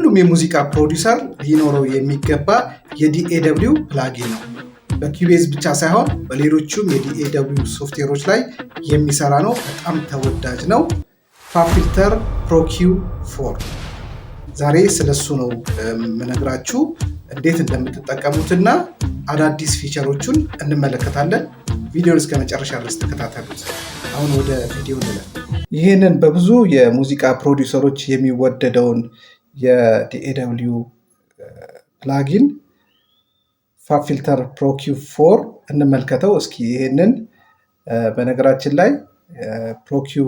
ሁሉም የሙዚቃ ፕሮዲውሰር ሊኖረው የሚገባ የዲኤደብሊው ፕላጊን ነው። በኪቤዝ ብቻ ሳይሆን በሌሎቹም የዲኤደብሊው ሶፍትዌሮች ላይ የሚሰራ ነው። በጣም ተወዳጅ ነው። ፋፊልተር ፕሮኪው ፎር ዛሬ ስለሱ ነው የምነግራችሁ። እንዴት እንደምትጠቀሙትና አዳዲስ ፊቸሮቹን እንመለከታለን። ቪዲዮን እስከ መጨረሻ ድረስ ተከታተሉት። አሁን ወደ ቪዲዮ ይህንን በብዙ የሙዚቃ ፕሮዲውሰሮች የሚወደደውን የዲኤደብሊው ፕላጊን ፋፊልተር ፊልተር ፕሮኪው ፎር እንመልከተው እስኪ ይህንን በነገራችን ላይ ፕሮኪው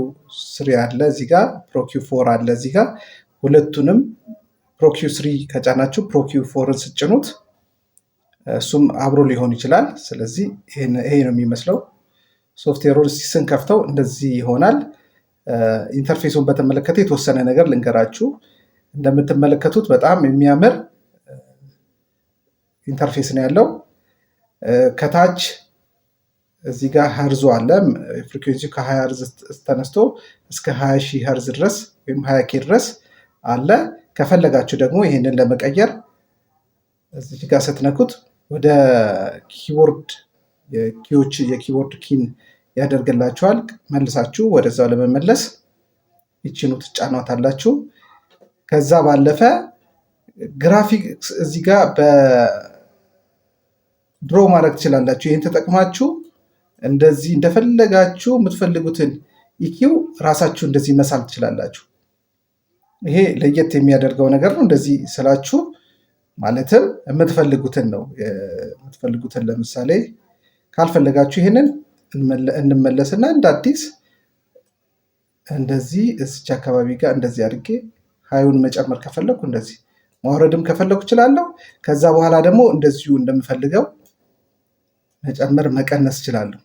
ስሪ አለ እዚህ ጋር ፕሮኪው ፎር አለ እዚህ ጋር ሁለቱንም ፕሮኪው ስሪ ከጫናችሁ ፕሮኪው ፎርን ስጭኑት እሱም አብሮ ሊሆን ይችላል ስለዚህ ይሄ ነው የሚመስለው ሶፍትዌሩን ስንከፍተው እንደዚህ ይሆናል ኢንተርፌሱን በተመለከተ የተወሰነ ነገር ልንገራችሁ እንደምትመለከቱት በጣም የሚያምር ኢንተርፌስ uh, ነው ያለው። uh, ከታች እዚህ ጋር ሀርዙ አለ። ፍሪኩንሲ ከ20 ሀርዝ ተነስቶ እስከ 20 ሺህ ሀርዝ ድረስ ወይም 20 ኬ ድረስ አለ። ከፈለጋችሁ ደግሞ ይህንን ለመቀየር እዚህ ጋር ስትነኩት ወደ ኪቦርድ ኪዎች የኪቦርድ ኪን ያደርግላችኋል። መልሳችሁ ወደዛው ለመመለስ ይችኑ ትጫኗት አላችሁ። ከዛ ባለፈ ግራፊክስ እዚህ ጋር በድሮ ማድረግ ትችላላችሁ። ይህን ተጠቅማችሁ እንደዚህ እንደፈለጋችሁ የምትፈልጉትን ኢኪው ራሳችሁ እንደዚህ መሳል ትችላላችሁ። ይሄ ለየት የሚያደርገው ነገር ነው። እንደዚህ ስላችሁ ማለትም የምትፈልጉትን ነው የምትፈልጉትን። ለምሳሌ ካልፈለጋችሁ ይህንን እንመለስና እንደ አዲስ እንደዚህ እስች አካባቢ ጋር እንደዚህ አድርጌ ሀዩን መጨመር ከፈለኩ እንደዚህ ማውረድም ከፈለኩ እችላለሁ። ከዛ በኋላ ደግሞ እንደዚሁ እንደምፈልገው መጨመር መቀነስ እችላለሁ።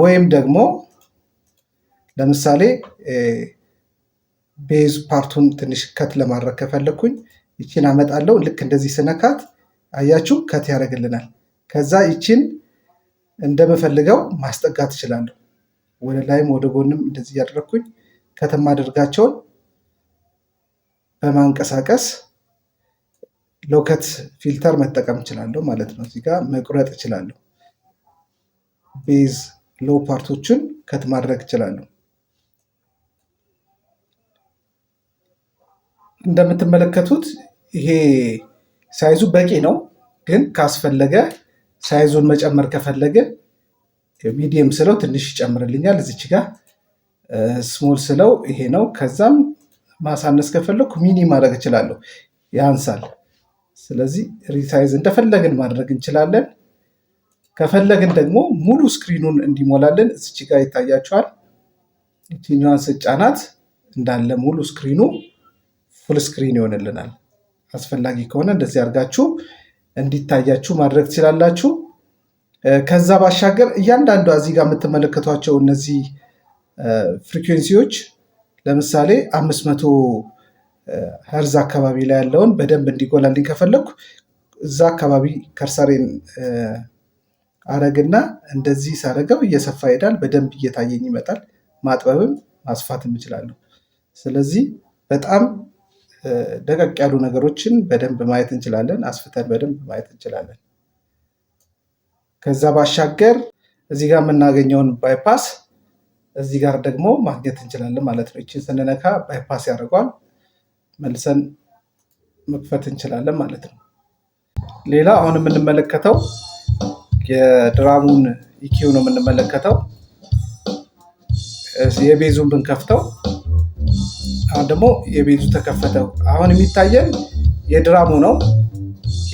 ወይም ደግሞ ለምሳሌ ቤዝ ፓርቱን ትንሽ ከት ለማድረግ ከፈለግኩኝ ይችን አመጣለሁ። ልክ እንደዚህ ስነካት አያችሁ ከት ያደርግልናል። ከዛ ይችን እንደምፈልገው ማስጠጋት እችላለሁ። ወደ ላይም ወደ ጎንም እንደዚህ ያደረግኩኝ ከተማደርጋቸውን በማንቀሳቀስ ሎከት ፊልተር መጠቀም እችላለሁ ማለት ነው። እዚህ ጋር መቁረጥ እችላለሁ። ቤዝ ሎ ፓርቶችን ከት ማድረግ እችላለሁ። እንደምትመለከቱት ይሄ ሳይዙ በቂ ነው፣ ግን ካስፈለገ ሳይዙን መጨመር ከፈለገ ሚዲየም ስለው ትንሽ ይጨምርልኛል። እዚች ጋር ስሞል ስለው ይሄ ነው። ከዛም ማሳነስ ከፈለኩ ሚኒ ማድረግ እችላለሁ፣ ያንሳል። ስለዚህ ሪሳይዝ እንደፈለግን ማድረግ እንችላለን። ከፈለግን ደግሞ ሙሉ ስክሪኑን እንዲሞላልን እዚች ጋር ይታያቸዋል። የትኛዋን ስጫናት እንዳለ ሙሉ ስክሪኑ ፉል ስክሪን ይሆንልናል። አስፈላጊ ከሆነ እንደዚህ አድርጋችሁ እንዲታያችሁ ማድረግ ትችላላችሁ። ከዛ ባሻገር እያንዳንዷ እዚህ ጋር የምትመለከቷቸው እነዚህ ፍሪኩዌንሲዎች ለምሳሌ አምስት መቶ ሀርዝ አካባቢ ላይ ያለውን በደንብ እንዲጎላልኝ ከፈለኩ እዛ አካባቢ ከርሳሬን አረግና እንደዚህ ሳረገው እየሰፋ ይሄዳል። በደንብ እየታየኝ ይመጣል። ማጥበብም ማስፋትም እችላለሁ። ስለዚህ በጣም ደቀቅ ያሉ ነገሮችን በደንብ ማየት እንችላለን። አስፍተን በደንብ ማየት እንችላለን። ከዛ ባሻገር እዚህ ጋር የምናገኘውን ባይፓስ እዚህ ጋር ደግሞ ማግኘት እንችላለን ማለት ነው። ይችን ስንነካ ባይፓስ ያደርገዋል። መልሰን መክፈት እንችላለን ማለት ነው። ሌላ አሁን የምንመለከተው የድራሙን ኢኪው e ነው የምንመለከተው። የቤዙን ብንከፍተው አሁን ደግሞ የቤዙ ተከፈተው። አሁን የሚታየን የድራሙ ነው።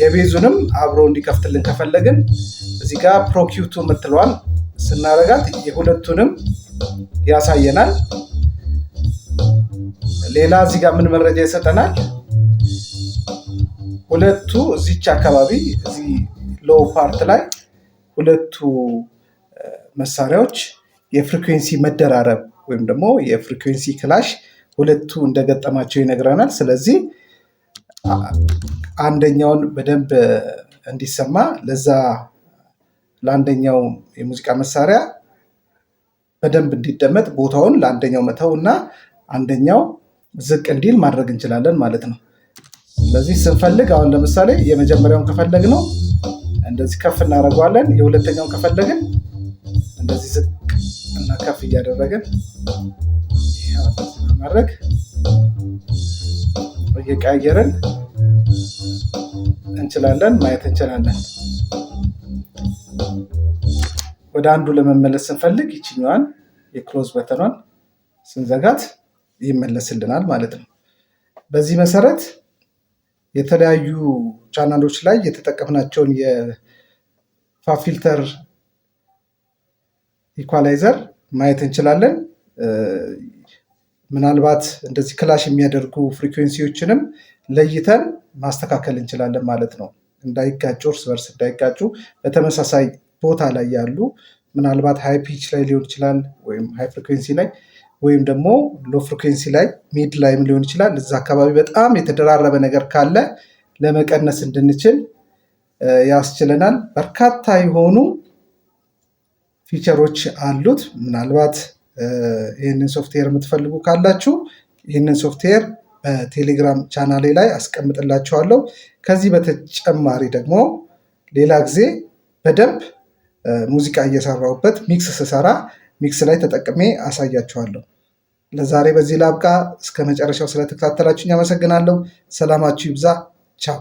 የቤዙንም አብሮ እንዲከፍትልን ከፈለግን እዚህ ጋር ፕሮኪውቱ የምትለዋል ስናረጋት የሁለቱንም ያሳየናል። ሌላ እዚህ ጋር ምን መረጃ ይሰጠናል? ሁለቱ እዚች አካባቢ እዚህ ሎው ፓርት ላይ ሁለቱ መሳሪያዎች የፍሪኩዌንሲ መደራረብ ወይም ደግሞ የፍሪኩዌንሲ ክላሽ ሁለቱ እንደገጠማቸው ይነግረናል። ስለዚህ አንደኛውን በደንብ እንዲሰማ ለዛ ለአንደኛው የሙዚቃ መሳሪያ በደንብ እንዲደመጥ ቦታውን ለአንደኛው መተው እና አንደኛው ዝቅ እንዲል ማድረግ እንችላለን ማለት ነው። ስለዚህ ስንፈልግ አሁን ለምሳሌ የመጀመሪያውን ከፈለግ ነው እንደዚህ ከፍ እናደርገዋለን። የሁለተኛውን ከፈለግን እንደዚህ ዝቅ እና ከፍ እያደረግን ማድረግ እየቀያየርን እንችላለን ማየት እንችላለን። ወደ አንዱ ለመመለስ ስንፈልግ ይችኛዋን የክሎዝ በተኗን ስንዘጋት ይመለስልናል ማለት ነው። በዚህ መሰረት የተለያዩ ቻናሎች ላይ የተጠቀምናቸውን የፋፊልተር ኢኳላይዘር ማየት እንችላለን። ምናልባት እንደዚህ ክላሽ የሚያደርጉ ፍሪኩዌንሲዎችንም ለይተን ማስተካከል እንችላለን ማለት ነው። እንዳይጋጩ እርስ በርስ እንዳይጋጩ በተመሳሳይ ቦታ ላይ ያሉ ምናልባት ሃይ ፒች ላይ ሊሆን ይችላል ወይም ሃይ ፍሪኩንሲ ላይ ወይም ደግሞ ሎ ፍሪኩንሲ ላይ ሚድ ላይም ሊሆን ይችላል። እዛ አካባቢ በጣም የተደራረበ ነገር ካለ ለመቀነስ እንድንችል ያስችለናል። በርካታ የሆኑ ፊቸሮች አሉት። ምናልባት ይህንን ሶፍትዌር የምትፈልጉ ካላችሁ ይህንን ሶፍትዌር በቴሌግራም ቻናሌ ላይ አስቀምጥላችኋለሁ። ከዚህ በተጨማሪ ደግሞ ሌላ ጊዜ በደንብ ሙዚቃ እየሰራሁበት ሚክስ ስሰራ ሚክስ ላይ ተጠቅሜ አሳያችኋለሁ። ለዛሬ በዚህ ላብቃ። እስከ መጨረሻው ስለተከታተላችሁኝ አመሰግናለሁ። ሰላማችሁ ይብዛ። ቻው